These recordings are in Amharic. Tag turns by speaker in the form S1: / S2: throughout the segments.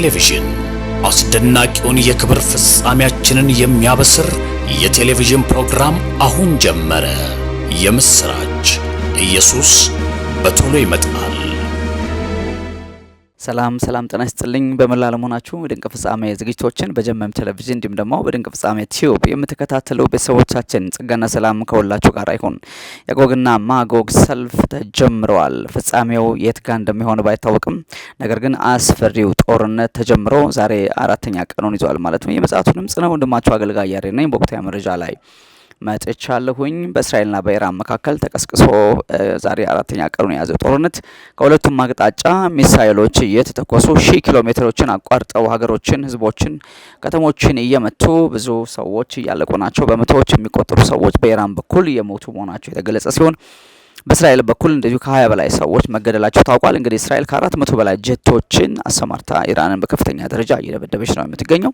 S1: ቴሌቪዥን አስደናቂውን የክብር ፍጻሜያችንን የሚያበስር የቴሌቪዥን ፕሮግራም አሁን ጀመረ። የምስራች ኢየሱስ በቶሎ ይመጣል።
S2: ሰላም ሰላም ጤና ይስጥልኝ። በመላ ለመሆናችሁ ድንቅ ፍጻሜ ዝግጅቶችን በጀመም ቴሌቪዥን እንዲሁም ደግሞ በድንቅ ፍጻሜ ቲዩብ የምትከታተሉ ቤተሰቦቻችን ጸጋና ሰላም ከሁላችሁ ጋር ይሁን። የጎግና ማጎግ ሰልፍ ተጀምረዋል። ፍጻሜው የት ጋር እንደሚሆን ባይታወቅም ነገር ግን አስፈሪው ጦርነት ተጀምሮ ዛሬ አራተኛ ቀኑን ይዟል ማለት ነው። የምፅዓቱ ድምጽ ነው። ወንድማችሁ አገልጋይ ያሬድ ነኝ። በወቅታዊ መረጃ ላይ መጥቻለሁኝ። በእስራኤልና በኢራን መካከል ተቀስቅሶ ዛሬ አራተኛ ቀኑን የያዘው ጦርነት ከሁለቱም አቅጣጫ ሚሳይሎች እየተተኮሱ ሺህ ኪሎ ሜትሮችን አቋርጠው ሀገሮችን፣ ህዝቦችን፣ ከተሞችን እየመቱ ብዙ ሰዎች እያለቁ ናቸው። በመቶዎች የሚቆጠሩ ሰዎች በኢራን በኩል እየሞቱ መሆናቸው የተገለጸ ሲሆን በእስራኤል በኩል እንደዚሁ ከ20 በላይ ሰዎች መገደላቸው ታውቋል። እንግዲህ እስራኤል ከአራት መቶ በላይ ጀቶችን አሰማርታ ኢራንን በከፍተኛ ደረጃ እየደበደበች ነው የምትገኘው።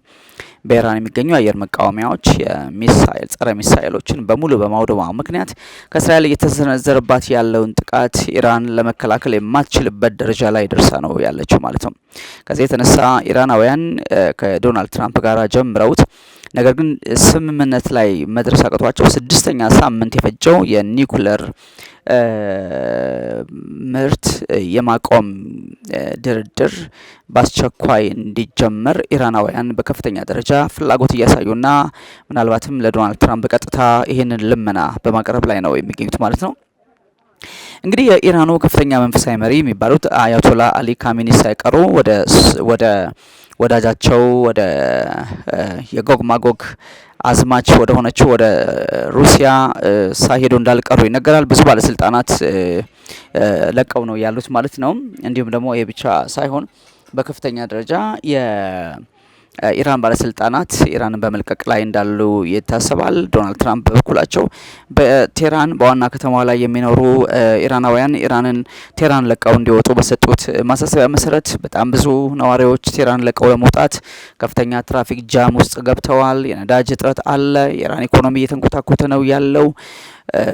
S2: በኢራን የሚገኙ የአየር መቃወሚያዎች የሚሳይል ጸረ ሚሳይሎችን በሙሉ በማውደማው ምክንያት ከእስራኤል እየተሰነዘረባት ያለውን ጥቃት ኢራን ለመከላከል የማትችልበት ደረጃ ላይ ደርሳ ነው ያለችው ማለት ነው። ከዚህ የተነሳ ኢራናውያን ከዶናልድ ትራምፕ ጋር ጀምረውት ነገር ግን ስምምነት ላይ መድረስ አቅቷቸው ስድስተኛ ሳምንት የፈጀው የኒኩለር ምርት የማቆም ድርድር በአስቸኳይ እንዲጀመር ኢራናውያን በከፍተኛ ደረጃ ፍላጎት እያሳዩና ምናልባትም ለዶናልድ ትራምፕ ቀጥታ ይህንን ልመና በማቅረብ ላይ ነው የሚገኙት ማለት ነው። እንግዲህ የኢራኑ ከፍተኛ መንፈሳዊ መሪ የሚባሉት አያቶላ አሊ ካሚኒ ሳይቀሩ ወደ ወደ ወዳጃቸው ወደ የጎግ ማጎግ አዝማች ወደ ሆነችው ወደ ሩሲያ ሳይሄዱ እንዳልቀሩ ይነገራል። ብዙ ባለስልጣናት ለቀው ነው ያሉት ማለት ነው። እንዲሁም ደግሞ ይሄ ብቻ ሳይሆን በከፍተኛ ደረጃ የኢራን ባለስልጣናት ኢራንን በመልቀቅ ላይ እንዳሉ ይታሰባል። ዶናልድ ትራምፕ በበኩላቸው በቴህራን በዋና ከተማዋ ላይ የሚኖሩ ኢራናውያን ኢራንን ቴህራን ለቀው እንዲወጡ በሰጡት ማሳሰቢያ መሰረት በጣም ብዙ ነዋሪዎች ቴህራን ለቀው ለመውጣት ከፍተኛ ትራፊክ ጃም ውስጥ ገብተዋል። የነዳጅ እጥረት አለ። የኢራን ኢኮኖሚ እየተንኮታኮተ ነው ያለው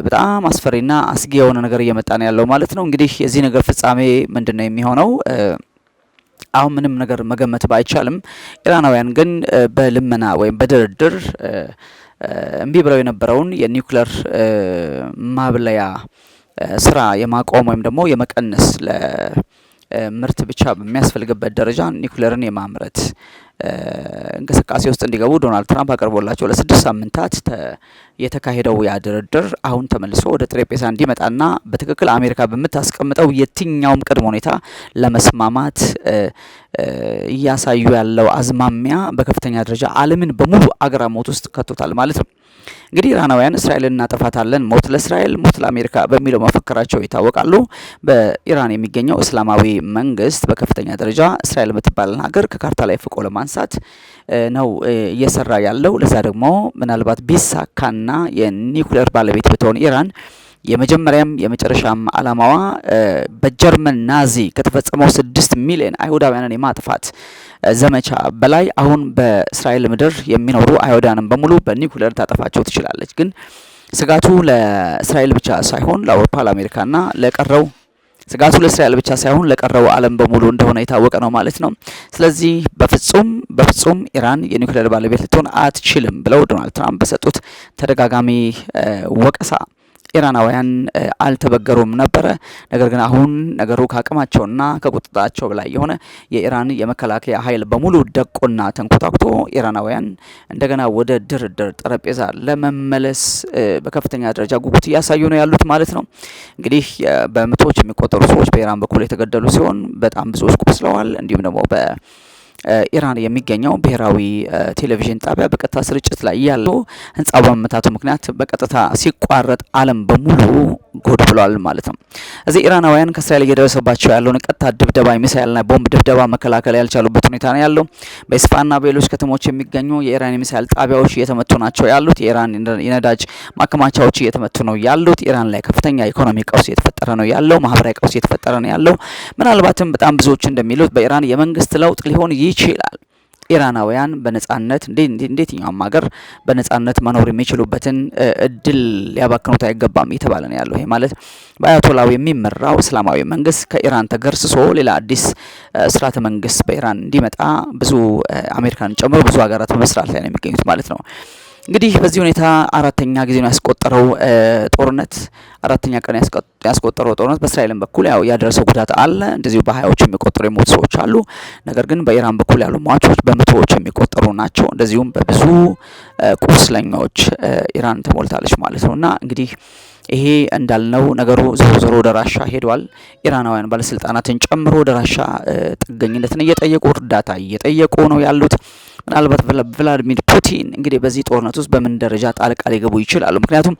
S2: በጣም አስፈሪና አስጊ የሆነ ነገር እየመጣ ነው ያለው ማለት ነው። እንግዲህ የዚህ ነገር ፍጻሜ ምንድን ነው የሚሆነው? አሁን ምንም ነገር መገመት ባይቻልም ኢራናውያን ግን በልመና ወይም በድርድር እምቢ ብለው የነበረውን የኒውክለር ማብለያ ስራ የማቆም ወይም ደግሞ የመቀነስ ለምርት ብቻ በሚያስፈልግበት ደረጃ ኒውክለርን የማምረት እንቅስቃሴ ውስጥ እንዲገቡ ዶናልድ ትራምፕ አቅርቦላቸው ለስድስት ሳምንታት የተካሄደው ያ ድርድር አሁን ተመልሶ ወደ ጠረጴዛ እንዲመጣና በትክክል አሜሪካ በምታስቀምጠው የትኛውም ቅድመ ሁኔታ ለመስማማት እያሳዩ ያለው አዝማሚያ በከፍተኛ ደረጃ ዓለምን በሙሉ አግራሞት ውስጥ ከቶታል ማለት ነው። እንግዲህ ኢራናውያን እስራኤልን እናጠፋታለን፣ ሞት ለእስራኤል ሞት ለአሜሪካ በሚለው መፈክራቸው ይታወቃሉ። በኢራን የሚገኘው እስላማዊ መንግስት በከፍተኛ ደረጃ እስራኤል የምትባልን ሀገር ከካርታ ላይ ፍቆ ለማንሳት ለማንሳት ነው እየሰራ ያለው። ለዛ ደግሞ ምናልባት ቢሳካና የኒውክሌር ባለቤት ብትሆን ኢራን የመጀመሪያም የመጨረሻም አላማዋ በጀርመን ናዚ ከተፈጸመው ስድስት ሚሊዮን አይሁዳውያንን የማጥፋት ዘመቻ በላይ አሁን በእስራኤል ምድር የሚኖሩ አይሁዳውያንን በሙሉ በኒውክሌር ታጠፋቸው ትችላለች። ግን ስጋቱ ለእስራኤል ብቻ ሳይሆን ለአውሮፓ፣ ለአሜሪካና ለቀረው ስጋቱ ለእስራኤል ብቻ ሳይሆን ለቀረው ዓለም በሙሉ እንደሆነ የታወቀ ነው ማለት ነው። ስለዚህ በፍጹም በፍጹም ኢራን የኒውክሌር ባለቤት ልትሆን አትችልም ብለው ዶናልድ ትራምፕ በሰጡት ተደጋጋሚ ወቀሳ ኢራናውያን አልተበገሩም ነበረ። ነገር ግን አሁን ነገሩ ከአቅማቸውና ከቁጥጥራቸው በላይ የሆነ የኢራን የመከላከያ ኃይል በሙሉ ደቆና ተንኮታኩቶ ኢራናውያን እንደገና ወደ ድርድር ጠረጴዛ ለመመለስ በከፍተኛ ደረጃ ጉጉት እያሳዩ ነው ያሉት ማለት ነው። እንግዲህ በመቶዎች የሚቆጠሩ ሰዎች በኢራን በኩል የተገደሉ ሲሆን በጣም ብዙዎች ቆስለዋል። እንዲሁም ደግሞ በ ኢራን የሚገኘው ብሔራዊ ቴሌቪዥን ጣቢያ በቀጥታ ስርጭት ላይ ያለው ህንጻ በመመታቱ ምክንያት በቀጥታ ሲቋረጥ ዓለም በሙሉ ጎድ ብሏል ማለት ነው። እዚህ ኢራናውያን ከእስራኤል እየደረሰባቸው ያለውን ቀጥታ ድብደባ፣ ሚሳኤልና ቦምብ ድብደባ መከላከል ያልቻሉበት ሁኔታ ነው ያለው። በኢስፋና በሌሎች ከተሞች የሚገኙ የኢራን የሚሳኤል ጣቢያዎች እየተመቱ ናቸው ያሉት። የኢራን የነዳጅ ማከማቻዎች እየተመቱ ነው ያሉት። ኢራን ላይ ከፍተኛ ኢኮኖሚ ቀውስ እየተፈጠረ ነው ያለው። ማህበራዊ ቀውስ እየተፈጠረ ነው ያለው። ምናልባትም በጣም ብዙዎች እንደሚሉት በኢራን የመንግስት ለውጥ ሊሆን ይችላል። ኢራናውያን በነጻነት እንዴትኛውም ሀገር በነጻነት መኖር የሚችሉበትን እድል ሊያባክኑት አይገባም እየተባለ ነው ያለው። ይሄ ማለት በአያቶላው የሚመራው እስላማዊ መንግስት ከኢራን ተገርስሶ ሌላ አዲስ ስርዓተ መንግስት በኢራን እንዲመጣ ብዙ አሜሪካን ጨምሮ ብዙ ሀገራት በመስራት ላይ ነው የሚገኙት ማለት ነው። እንግዲህ በዚህ ሁኔታ አራተኛ ጊዜ ነው ያስቆጠረው ጦርነት አራተኛ ቀን ያስቆጠረው ጦርነት በእስራኤልም በኩል ያው ያደረሰው ጉዳት አለ። እንደዚሁ በሀያዎች የሚቆጠሩ የሞቱ ሰዎች አሉ። ነገር ግን በኢራን በኩል ያሉ ሟቾች በመቶዎች የሚቆጠሩ ናቸው። እንደዚሁም በብዙ ቁስለኞች ኢራን ተሞልታለች ማለት ነው እና እንግዲህ ይሄ እንዳልነው ነገሩ ዞሮ ዞሮ ወደ ራሻ ሄዷል። ኢራናውያን ባለስልጣናትን ጨምሮ ወደ ራሻ ጥገኝነትን እየጠየቁ እርዳታ እየጠየቁ ነው ያሉት። ምናልባት ቭላዲሚር ፑቲን እንግዲህ በዚህ ጦርነት ውስጥ በምን ደረጃ ጣልቃ ሊገቡ ይችላሉ? ምክንያቱም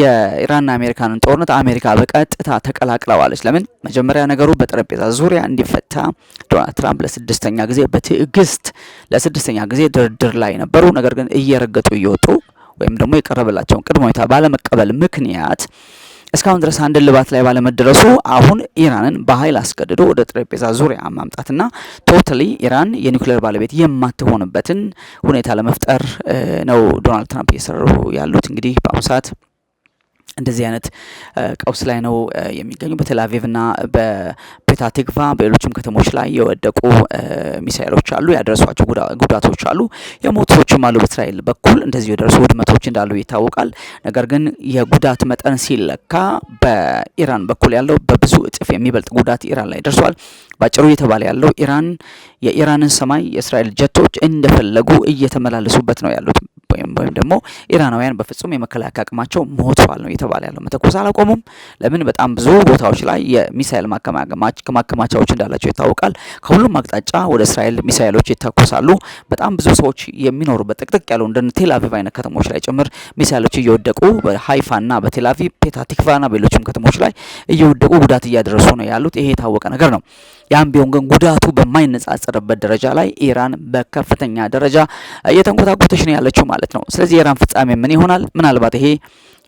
S2: የኢራንና አሜሪካንን ጦርነት አሜሪካ በቀጥታ ተቀላቅለዋለች። ለምን መጀመሪያ ነገሩ በጠረጴዛ ዙሪያ እንዲፈታ ዶናልድ ትራምፕ ለስድስተኛ ጊዜ በትዕግስት ለስድስተኛ ጊዜ ድርድር ላይ ነበሩ። ነገር ግን እየረገጡ እየወጡ ወይም ደግሞ የቀረበላቸውን ቅድመ ሁኔታ ባለመቀበል ምክንያት እስካሁን ድረስ አንድ ልባት ላይ ባለመድረሱ አሁን ኢራንን በኃይል አስገድዶ ወደ ጠረጴዛ ዙሪያ ማምጣትና ቶታሊ ኢራን የኒውክሌር ባለቤት የማትሆንበትን ሁኔታ ለመፍጠር ነው ዶናልድ ትራምፕ እየሰሩ ያሉት። እንግዲህ በአሁኑ ሰዓት እንደዚህ አይነት ቀውስ ላይ ነው የሚገኙ። በቴልአቪቭና በፔታ ቲግቫ በሌሎችም ከተሞች ላይ የወደቁ ሚሳኤሎች አሉ፣ ያደረሷቸው ጉዳቶች አሉ፣ የሞቱ ሰዎችም አሉ። በእስራኤል በኩል እንደዚሁ የደረሱ ውድመቶች እንዳሉ ይታወቃል። ነገር ግን የጉዳት መጠን ሲለካ በኢራን በኩል ያለው በብዙ እጥፍ የሚበልጥ ጉዳት ኢራን ላይ ደርሷል። ባጭሩ እየተባለ ያለው ኢራን የኢራንን ሰማይ የእስራኤል ጀቶች እንደፈለጉ እየተመላለሱበት ነው ያሉት። ወይም ወይም ደግሞ ኢራናውያን በፍጹም የመከላከያ አቅማቸው ሞቷል ነው እየተባለ ያለው። መተኮስ አላቆሙም። ለምን? በጣም ብዙ ቦታዎች ላይ የሚሳኤል ማከማቻዎች እንዳላቸው ይታወቃል። ከሁሉም አቅጣጫ ወደ እስራኤል ሚሳኤሎች ይተኮሳሉ። በጣም ብዙ ሰዎች የሚኖሩ በጥቅጥቅ ያለው እንደ ቴላቪቭ አይነት ከተሞች ላይ ጭምር ሚሳኤሎች እየወደቁ በሀይፋና በቴልአቪቭ ፔታቲክቫና በሌሎችም ከተሞች ላይ እየወደቁ ጉዳት እያደረሱ ነው ያሉት። ይሄ የታወቀ ነገር ነው። ያም ቢሆን ግን ጉዳቱ በማይነጻጸርበት ደረጃ ላይ ኢራን በከፍተኛ ደረጃ እየተንኮታኮተች ነው ያለችው ማለት ማለት ነው። ስለዚህ የኢራን ፍጻሜ ምን ይሆናል? ምናልባት ይሄ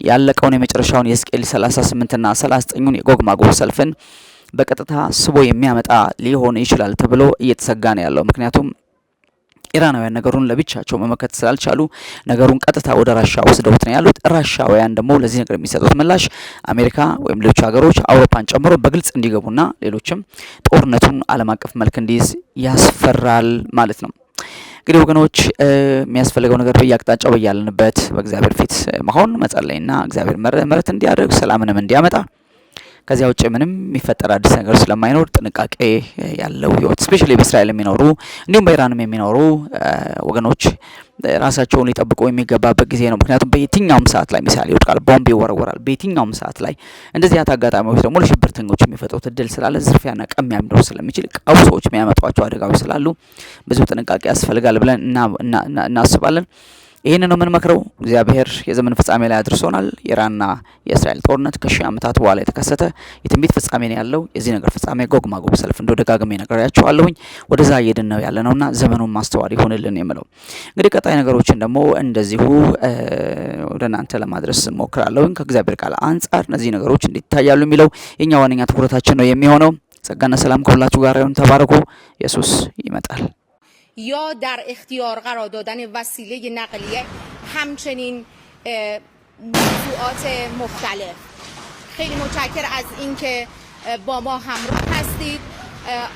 S2: ያለቀውን የመጨረሻውን የስቅል 38ና 39ን የጎግ ማጎግ ሰልፍን በቀጥታ ስቦ የሚያመጣ ሊሆን ይችላል ተብሎ እየተሰጋ ነው ያለው። ምክንያቱም ኢራናውያን ነገሩን ለብቻቸው መመከት ስላልቻሉ ነገሩን ቀጥታ ወደ ራሻ ወስደውት ነው ያሉት። ራሻውያን ደግሞ ለዚህ ነገር የሚሰጡት ምላሽ አሜሪካ ወይም ሌሎች ሀገሮች አውሮፓን ጨምሮ በግልጽ እንዲገቡና ሌሎችም ጦርነቱን ዓለም አቀፍ መልክ እንዲይዝ ያስፈራል ማለት ነው። እንግዲህ ወገኖች የሚያስፈልገው ነገር በየአቅጣጫው በያለንበት በእግዚአብሔር ፊት መሆን መጸለይና እግዚአብሔር ምሕረት እንዲያደርግ ሰላምንም እንዲያመጣ ከዚያ ውጭ ምንም የሚፈጠር አዲስ ነገር ስለማይኖር ጥንቃቄ ያለው ህይወት ስፔሻሊ በእስራኤል የሚኖሩ እንዲሁም በኢራንም የሚኖሩ ወገኖች ራሳቸውን ሊጠብቁ የሚገባበት ጊዜ ነው። ምክንያቱም በየትኛውም ሰዓት ላይ ሚሳኤል ይወድቃል፣ ቦምብ ይወረወራል። በየትኛውም ሰዓት ላይ እንደዚህ አይነት አጋጣሚዎች ደግሞ ለሽብርተኞች የሚፈጥሩት እድል ስላለ ዝርፊያና ቀም ሊያምደው ስለሚችል ቀውሶች የሚያመጧቸው አደጋዎች ስላሉ ብዙ ጥንቃቄ ያስፈልጋል ብለን እናስባለን። ይህንን ነው የምንመክረው። እግዚአብሔር የዘመን ፍጻሜ ላይ አድርሶናል። የራና የእስራኤል ጦርነት ከሺህ ዓመታት በኋላ የተከሰተ የትንቢት ፍጻሜ ነው ያለው። የዚህ ነገር ፍጻሜ ጎግ ማጎግ ሰልፍ እንደ ደጋግሜ ነግሬያቸዋለሁኝ። ወደዛ እየድን ነው ያለ ነውና ዘመኑን ማስተዋል ይሆንልን የምለው እንግዲህ ቀጣይ ነገሮችን ደግሞ እንደዚሁ ወደ እናንተ ለማድረስ ሞክራለሁኝ። ከእግዚአብሔር ቃል አንጻር እነዚህ ነገሮች እንዲታያሉ የሚለው የእኛ ዋነኛ ትኩረታችን ነው የሚሆነው። ጸጋና ሰላም ከሁላችሁ ጋር ይሁን። ተባረኩ። ኢየሱስ ይመጣል።
S3: یا در اختیار قرار دادن وسیله نقلیه همچنین موضوعات مختلف خیلی متشکر از اینکه با ما همراه هستید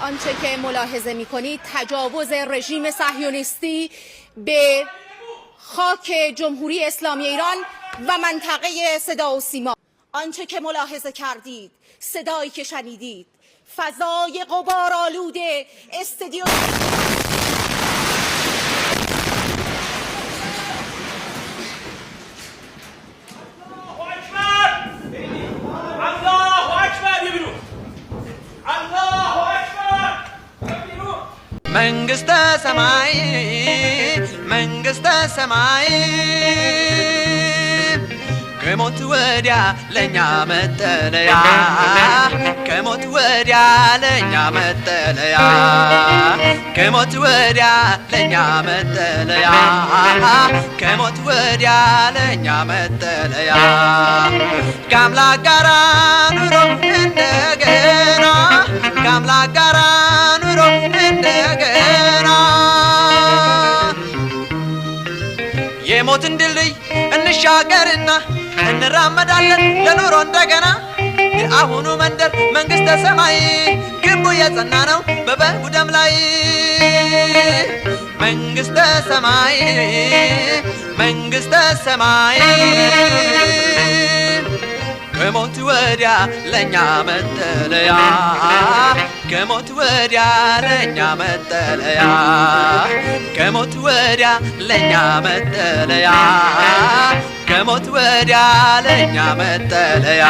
S3: آنچه که ملاحظه می کنید تجاوز رژیم صهیونیستی به خاک جمهوری اسلامی ایران و منطقه صدا و سیما آنچه که ملاحظه کردید صدایی که شنیدید فضای قبار آلوده استدیو
S4: መንግስተ ሰማይ መንግስተ ሰማይ ከሞት ወዲያ ለኛ መጠለያ ከሞት ወዲያ ለኛ መጠለያ ከሞት ወዲያ ለኛ መጠለያ ከሞት ወዲያ ለኛ መጠለያ ከአምላክ ጋራ ኑሮ እንደገና ከአምላክ ጋራ ጀምሮ እንደገና የሞትን ድልድይ እንሻገርና እንራመዳለን ለኑሮ እንደገና የአሁኑ መንደር መንግሥተ ሰማይ ግቡ የጸና ነው በበጉ ደም ላይ መንግሥተ ሰማይ መንግሥተ ሰማይ ከሞት ወዲያ ለእኛ መጠለያ ከሞት ወዲያ ለኛ መጠለያ ከሞት ወዲያ ለኛ መጠለያ ከሞት ወዲያ ለኛ መጠለያ